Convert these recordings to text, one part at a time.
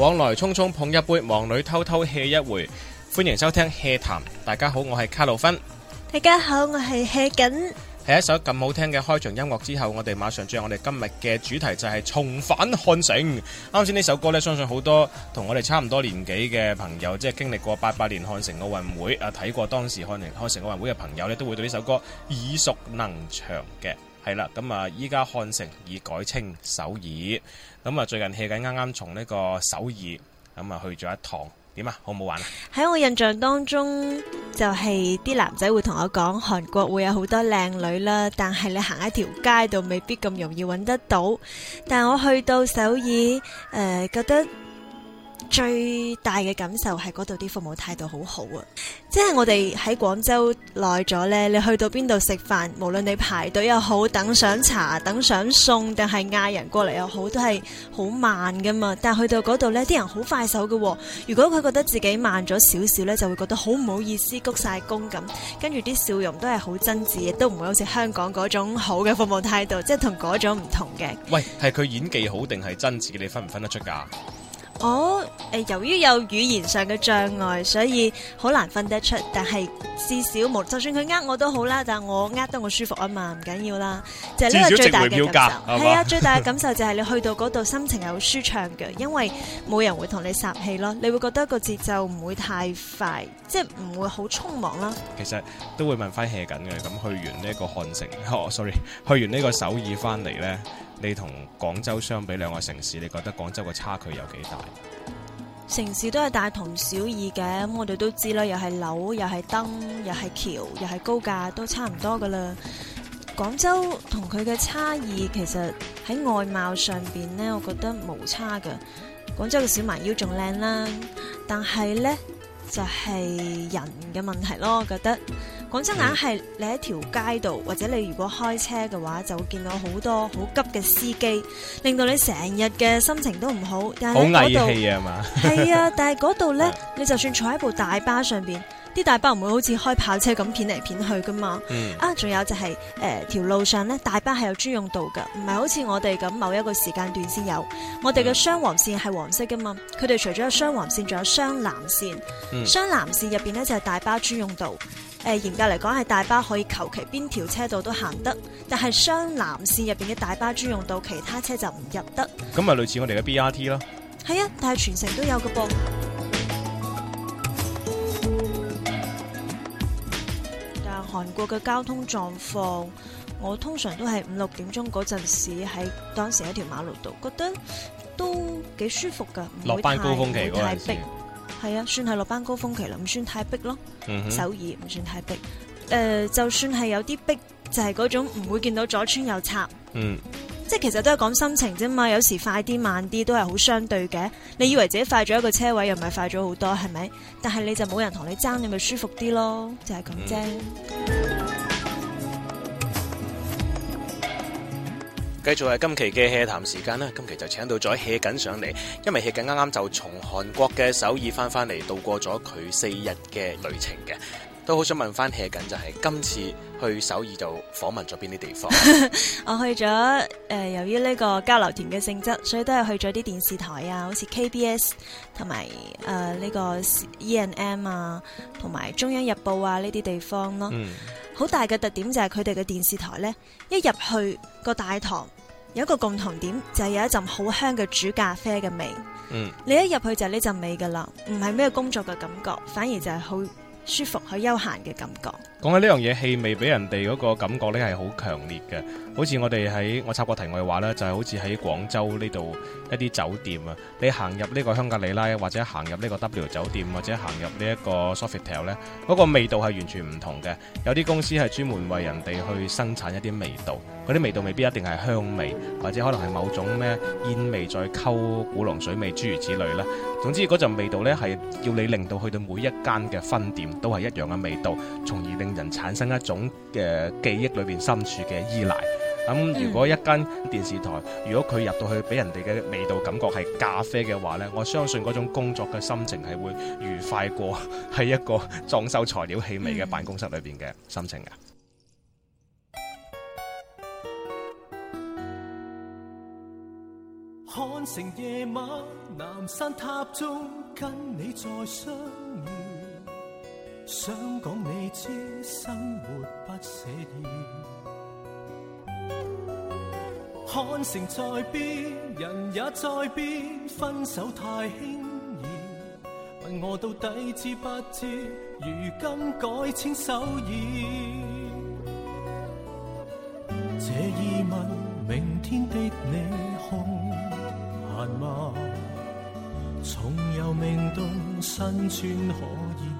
往來匆匆碰一杯，忙裏偷偷歇一回。歡迎收聽 hea 談，大家好，我係卡路芬，大家好，我係 hea 緊。喺一首咁好聽嘅開場音樂之後，我哋馬上轉我哋今日嘅主題就係、是、重返漢城。啱先呢首歌呢，相信好多同我哋差唔多年紀嘅朋友的，即係經歷過八八年漢城奧運會啊，睇過當時漢城漢城奧運會嘅朋友呢，都會對呢首歌耳熟能詳嘅。的係啦，咁啊，依家漢城已改稱首爾，咁啊最近剛剛剛從去緊啱啱從呢個首爾咁啊去咗一趟，點啊，好唔好玩啊？喺我印象當中，就係、是、啲男仔會同我講韓國會有好多靚女啦，但係你行一條街度未必咁容易揾得到，但我去到首爾誒、呃、覺得。最大嘅感受係嗰度啲服務態度好好啊！即係我哋喺廣州耐咗呢，你去到邊度食飯，無論你排隊又好，等上茶、等上送，定係嗌人過嚟又好，都係好慢噶嘛。但係去到嗰度呢，啲人好快手噶喎。如果佢覺得自己慢咗少少呢，就會覺得好唔好意思，鞠晒躬咁，跟住啲笑容都係好真摯，亦都唔會好似香港嗰種好嘅服務態度，即係同嗰種唔同嘅。喂，係佢演技好定係真摯？你分唔分得出噶我、oh, 由於有語言上嘅障礙，所以好難分得出。但係至少冇，就算佢呃我都好啦。但我呃得我舒服啊嘛，唔緊要啦。就係、是、呢個最大嘅感受。係啊，對吧 最大嘅感受就係你去到嗰度心情係好舒暢嘅，因為冇人會同你霎氣咯。你會覺得個節奏唔會太快，即係唔會好匆忙啦。其實都會問翻氣緊嘅，咁去完呢個漢城，哦、oh, sorry，去完呢個首爾翻嚟咧。你同廣州相比兩個城市，你覺得廣州個差距有幾大？城市都係大同小異嘅，咁我哋都知啦，又係樓，又係燈，又係橋，又係高架，都差唔多噶啦。廣州同佢嘅差異其實喺外貌上面呢，我覺得冇差嘅。廣州嘅小蠻腰仲靚啦，但係呢，就係人嘅問題咯，我覺得。廣州硬係你喺條街度，或者你如果開車嘅話，就會見到好多好急嘅司機，令到你成日嘅心情都唔好。但係嗰度係啊， 但係嗰度呢，對 你就算坐喺部大巴上邊，啲大巴唔會好似開跑車咁片嚟片去噶嘛。嗯、啊，仲有就係誒條路上呢，大巴係有專用道噶，唔係好似我哋咁某一個時間段先有。我哋嘅雙黃線係黃色噶嘛，佢哋除咗有雙黃線，仲有雙藍線，雙、嗯、藍線入邊呢，就係大巴專用道。誒，嚴格嚟講係大巴可以求其邊條車道都行得，但係雙南線入邊嘅大巴專用道，其他車就唔入得。咁咪類似我哋嘅 BRT 囉。係啊，但係全城都有嘅噃。 但係韓國嘅交通狀況，我通常都係五六點鐘嗰陣時喺當時一條馬路度，覺得都幾舒服噶，唔會太，落班高峰期嗰陣時，太逼。係啊，算係落班高峰期啦，唔算太逼咯。首爾唔算太逼，誒、呃，就算係有啲逼，就係、係、嗰種唔會見到左穿右插。嗯、mm，hmm。即係其實都係講心情啫嘛，有時快啲慢啲都係好相對嘅。你以為自己快咗一個車位，又唔係快咗好多，係咪？但係你就冇人同你爭，你咪舒服啲咯，就係咁啫。Mm hmm. 繼續係今期嘅 HEA 談時間啦，今期就請到咗謝錦上嚟，因為謝錦啱啱就從韓國嘅首爾翻翻嚟，度過咗佢四日嘅旅程嘅，都好想問翻謝錦，就係今次去首爾度訪問咗邊啲地方？ 我去咗誒、呃，由於呢個交流團嘅性質，所以都係去咗啲電視台啊，好似 KBS 同埋誒呢個 E N M 啊，同埋中央日報啊呢啲地方咯。嗯，好大嘅特點就係佢哋嘅電視台呢，一入去，個大堂。有一個共同點就係有一陣好香嘅煮咖啡嘅味，嗯、你一入去就呢陣味㗎喇，唔係咩工作嘅感覺，反而就係好，舒服去休閒嘅感覺。講起呢樣嘢，氣味俾人哋嗰個感覺呢係好強烈嘅。好似我哋喺我插過題外話就係、是、好似喺廣州呢度一啲酒店啊，你行入呢個香格里拉或者行入呢個 W 酒店或者行入呢一個 Sofitel 咧，嗰個味道係完全唔同嘅。有啲公司係專門為人哋去生產一啲味道，嗰啲味道未必一定係香味，或者可能係某種咩煙味再溝古龍水味諸如此類啦。總之嗰陣味道呢係要你令到去到每一間嘅分店。都係一樣嘅味道，從而令人產生一種嘅、呃、記憶裏邊深處嘅依賴。咁、嗯、如果一間電視台，如果佢入到去俾人哋嘅味道感覺係咖啡嘅話咧，我相信嗰種工作嘅心情係會愉快過喺一個裝修材料氣味嘅辦公室裏邊嘅心情噶。漢城、嗯、夜晚，南山塔中，跟你在相。想講你知，生活不愜意。漢城在變，人也在變，分手太輕易。問我到底知不知？如今改簽首爾。這疑問，明天的你空閒嗎？重遊明洞，新村可以。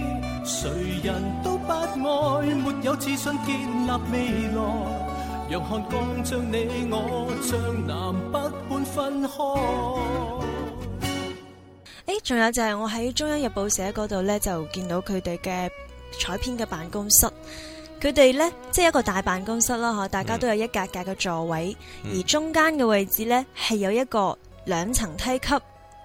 誰人都不愛，沒有自信建立未來。讓漢江將你我，將南北半分開。誒、哎，仲有就係我喺中央日報社嗰度呢就見到佢哋嘅採編嘅辦公室，佢哋呢，即、就、係、是、一個大辦公室啦，吓，大家都有一格格嘅座位，嗯、而中間嘅位置呢，係有一個兩層梯級。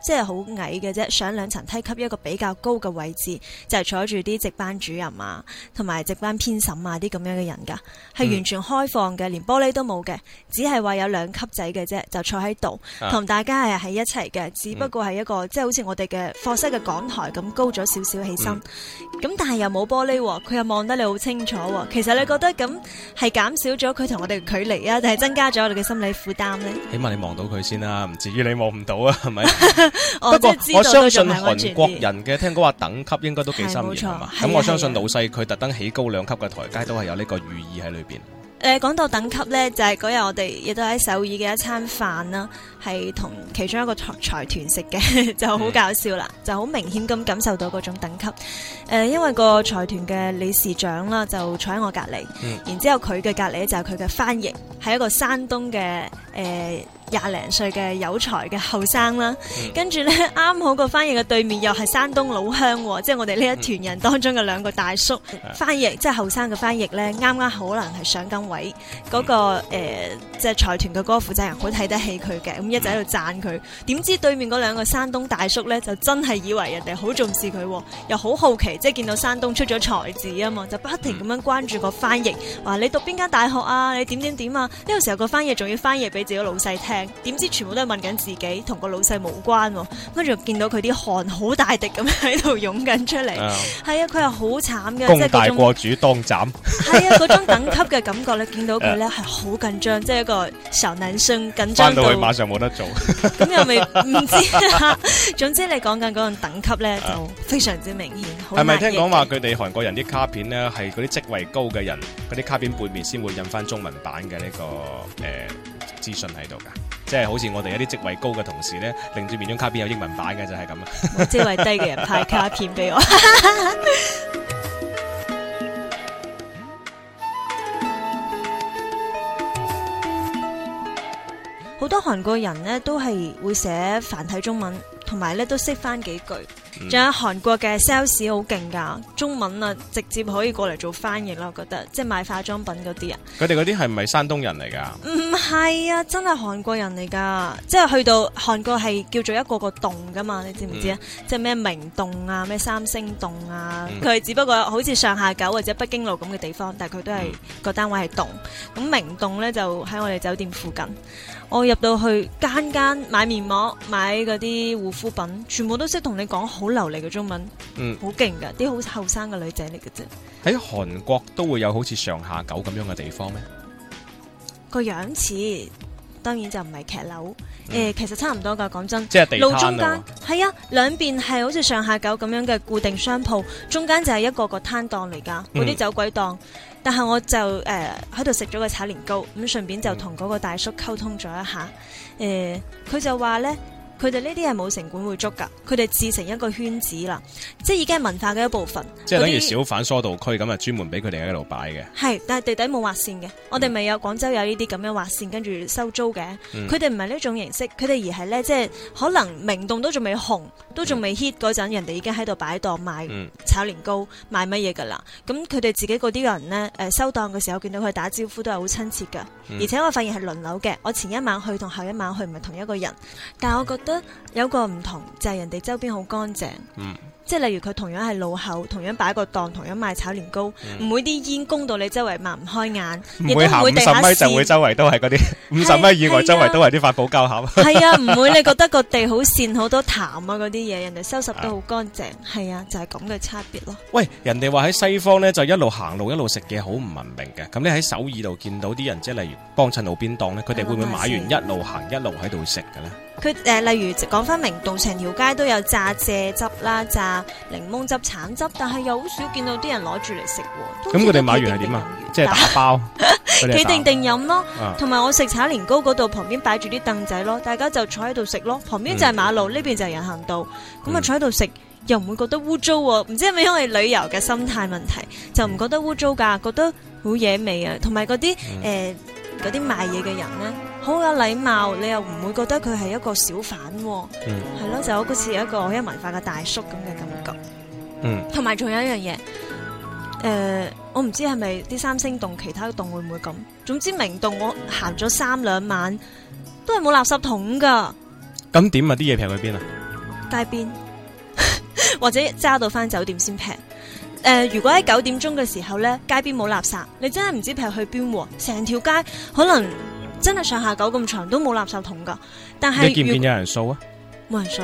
即係好矮嘅啫，上兩層梯級一個比較高嘅位置，就係、坐住啲值班主任啊，同埋值班編審啊啲咁樣嘅人噶，係、嗯、完全開放嘅，連玻璃都冇嘅，只係話有兩級仔嘅啫，就坐喺度，同、啊、大家係喺一齊嘅，只不過係一個、嗯、即係好似我哋嘅課室嘅講台咁高咗少少起身，咁、嗯、但係又冇玻璃、啊，佢又望得你好清楚、啊，其實你覺得咁係減少咗佢同我哋嘅距離啊，定係增加咗我哋嘅心理負擔呢？起碼你望到佢先啦，唔至於你望唔到啊，係咪？不過我相信韓國人嘅聽講話等級應該都幾深嘅，咁我相信老細佢特登起高兩級嘅台階都係有呢個寓意喺裏邊的。誒，講到等級呢，就係嗰日我哋亦都喺首爾嘅一餐飯啦，係同其中一個財團食嘅， 就好搞笑啦，嗯、就好明顯咁感受到嗰種等級。誒、呃，因為個財團嘅理事長啦，就坐喺我隔籬、嗯、然之後佢嘅隔籬就係佢嘅翻譯，係一個山東嘅誒。呃廿零歲嘅有才嘅後生啦，嗯、跟住呢，啱好個翻譯嘅對面又係山東老鄉，啊，即係我哋呢一團人當中嘅兩個大叔。嗯、翻譯即係後生嘅翻譯呢，啱啱可能係上緊位，嗰個，嗰個誒即係財團嘅嗰個負責人好睇得起佢嘅，咁一直喺度讚佢。點知對面嗰兩個山東大叔呢，就真係以為人哋好重視佢，啊，又好好奇，即係見到山東出咗才子啊嘛，就不停咁樣關注個翻譯。話你讀邊間大學啊？你點點點啊？呢，個時候個翻譯仲要翻譯俾自己老細聽。點知全部都係問緊自己，同個老細冇關、啊。跟住見到佢啲汗好大滴咁喺度湧緊出嚟。係、uh huh. 啊，佢係好慘嘅。功大過主當斬。係 啊，嗰種等級嘅感覺咧，見到佢咧係好緊張，緊張 uh huh. 即係一個受男生緊張到。翻到去馬上冇得做。咁 又未唔知道、啊。總之你講緊嗰個等級咧，就非常之明顯。係咪、uh huh. 聽講話佢哋韓國人啲卡片咧，係嗰啲職位高嘅人，嗰啲卡片背面先會印翻中文版嘅呢、這個誒資訊喺度噶？呃即係好似我哋一啲職位高嘅同事咧，拎住面張卡片有英文版嘅就係咁啊！職 位低嘅人派卡片俾我。好 多韓國人呢，都係會寫繁體中文，同埋咧都識翻幾句。仲有韓國嘅 sales 好勁㗎，中文啊直接可以過嚟做翻譯喇，我覺得即係賣化妝品嗰啲人。佢哋嗰啲係唔係山東人嚟㗎？唔係啊，真係韓國人嚟㗎。即係去到韓國係叫做一個個洞㗎嘛？你知唔知啊？嗯、即係咩明洞啊，咩三星洞啊？佢、嗯、只不過好似上下九或者北京路咁嘅地方，但係佢都係個、嗯、單位係洞。咁明洞咧就喺我哋酒店附近。我入到去間間買面膜、買嗰啲護膚品，全部都識同你講好好流利嘅中文，嗯，好勁噶，啲好後生嘅女仔嚟嘅啫。喺韓國都會有好似上下九咁樣嘅地方咩？個樣似，當然就唔係騎樓，誒、嗯呃，其實差唔多噶講真，即係路中間係啊，兩邊係好似上下九咁樣嘅固定商鋪，中間就係一個個攤檔嚟噶，嗰啲走鬼檔。但係我就誒喺度食咗個炒年糕，咁順便就同嗰個大叔溝通咗一下，誒、嗯，佢、呃、就話咧。佢哋呢啲係冇城管會捉噶，佢哋自成一個圈子啦，即係已經係文化嘅一部分。即係等於小販疏導區咁啊，專門俾佢哋喺度擺嘅。係，但係地底冇劃綫嘅，我哋咪有廣州有呢啲咁樣劃綫，跟住、嗯、收租嘅。佢哋唔係呢種形式，佢哋而係咧，即係可能明洞都仲未紅，都仲未 hit 嗰陣，嗯、人哋已經喺度擺檔賣炒年糕，賣乜嘢噶啦。咁佢哋自己嗰啲人呢，誒，收檔嘅時候見到佢打招呼都係好親切噶，嗯、而且我發現係輪流嘅，我前一晚去同後一晚去唔係同一個人，但係我覺、嗯。有個唔同就係人哋周邊好乾淨，嗯即係例如佢同樣係路口，同樣擺個檔，同樣賣炒年糕，唔會啲煙供到你周圍抹唔開眼，亦都唔會十米就會周圍都係嗰啲，五十米以外周圍都係啲發泡膠盒。係啊，唔會你覺得個地好跣好多痰啊嗰啲嘢，人哋收拾得好乾淨。係啊，就係咁嘅差別咯。喂，人哋話喺西方咧，就一路行路一路食嘢，好唔文明嘅。咁你喺首爾度見到啲人，即係例如幫襯路邊檔咧，佢哋會唔會買完一路行一路喺度食嘅咧？佢誒，例如講翻明洞，成條街都有炸蔗汁啦，炸～檸檬汁、橙汁，但係又好少見到啲人攞住嚟食喎。咁佢哋買完係點啊？但即係打包，企 定定飲咯。同埋、啊、我食炒年糕嗰度旁邊擺住啲凳仔咯，大家就坐喺度食咯。旁邊就係馬路，呢邊、嗯、就係人行道。咁啊、嗯、坐喺度食又唔會覺得污糟？唔知係咪因為旅遊嘅心態問題，就唔覺得污糟噶，覺得好嘢味啊。同埋嗰啲誒啲賣嘢嘅人咧。好有、啊、禮貌，你又唔會覺得佢係一個小販、啊？嗯，係咯、啊，就好似一個好有文化嘅大叔咁嘅感覺。嗯，同埋仲有一樣嘢，誒、呃，我唔知係咪啲三星洞其他嘅洞會唔會咁。總之明洞我行咗三兩晚，都係冇垃圾桶噶。咁點啊？啲嘢撇去邊啊？街邊帶邊 或者揸到翻酒店先撇。誒、呃，如果喺九點鐘嘅時候咧，街邊冇垃圾，你真係唔知撇去邊、啊，成條街可能。真係上下九咁長都冇垃圾桶噶，但係你見唔見有人掃啊？冇人掃。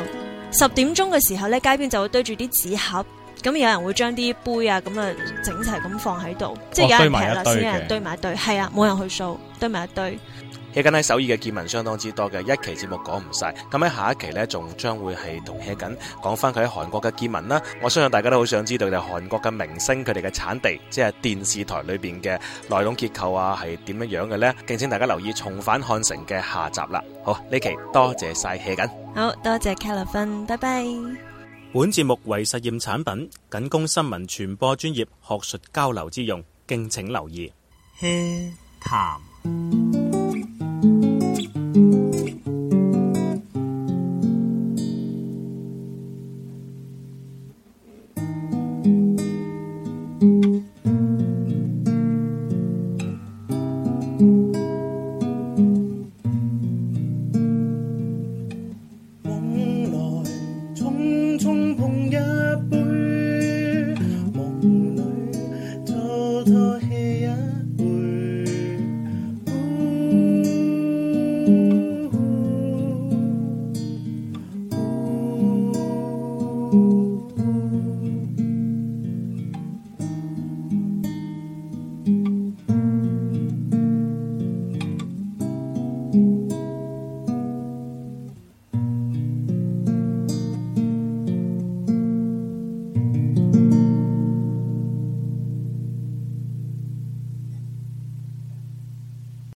十點鐘嘅時候咧，街邊就會堆住啲紙盒，咁有人會將啲杯啊咁啊整齊咁放喺度，哦、即係有人平啦先，有人堆埋一堆。係啊，冇人去掃，堆埋一堆。hea 緊喺首爾嘅見聞相當之多嘅，一期節目講唔晒，咁喺下一期呢，仲將會係同 hea 緊講翻佢喺韓國嘅見聞啦。我相信大家都好想知道，就係韓國嘅明星佢哋嘅產地，即係電視台裏邊嘅內容結構啊，係點樣樣嘅呢？敬請大家留意《重返漢城》嘅下集啦。好，呢期多謝晒 hea 緊，好多謝 Kelly 芬，拜拜。本節目為實驗產品，僅供新聞傳播專業學術交流之用，敬請留意。hea 談。